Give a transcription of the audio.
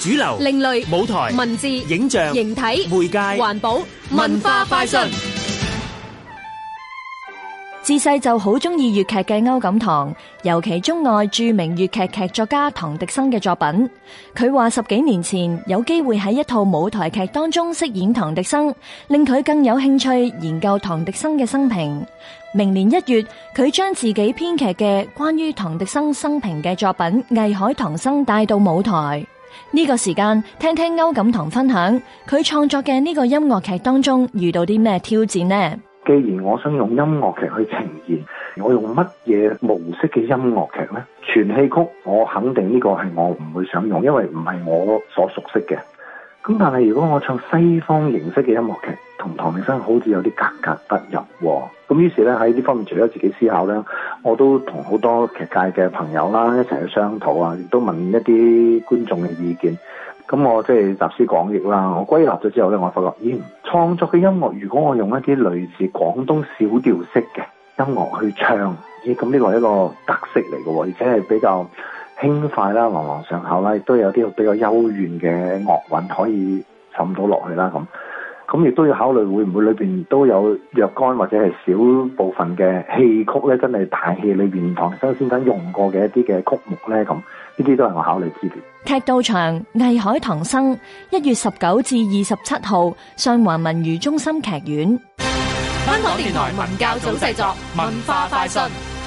主流、另類、舞台、文字、影像、形體、媒介、環保、文化快訊。自細就好中意粵劇嘅歐錦棠，尤其鍾愛著名粵劇劇作家唐滌生嘅作品。佢話十幾年前有機會喺一套舞台劇當中飾演唐滌生，令佢更有興趣研究唐滌生嘅生平。明年一月，佢將自己編劇嘅關於唐滌生生平嘅作品《藝海唐生》帶到舞台。呢個時間聽聽歐錦棠分享，佢創作嘅呢個音樂劇當中遇到啲咩挑戰呢？既然我想用音樂劇去呈現，我用乜嘢模式嘅音樂劇呢？全戲曲我肯定呢個係我唔會想用，因為唔係我所熟悉嘅。咁但係如果我唱西方形式嘅音樂劇，同唐明生好似有啲格格不入喎、哦，咁於是咧喺呢方面除咗自己思考咧，我都同好多劇界嘅朋友啦一齊去商討啊，亦都問一啲觀眾嘅意見。咁、嗯、我即係集思廣益啦，我歸納咗之後咧，我發覺，咦、欸，創作嘅音樂如果我用一啲類似廣東小調式嘅音樂去唱，咦、欸，咁呢個係一個特色嚟嘅喎，而且係比較輕快啦、朗朗上口啦，亦都有啲比較幽怨嘅樂韻可以滲到落去啦咁。咁亦都要考慮會唔會裏邊都有若干或者係少部分嘅戲曲咧，真係大戲裏邊唐生先生用過嘅一啲嘅曲目咧，咁呢啲都係我考慮之列。劇道場，藝海唐生，一月十九至二十七號，上環文娛中心劇院。香港電台文教組製作，文化快訊。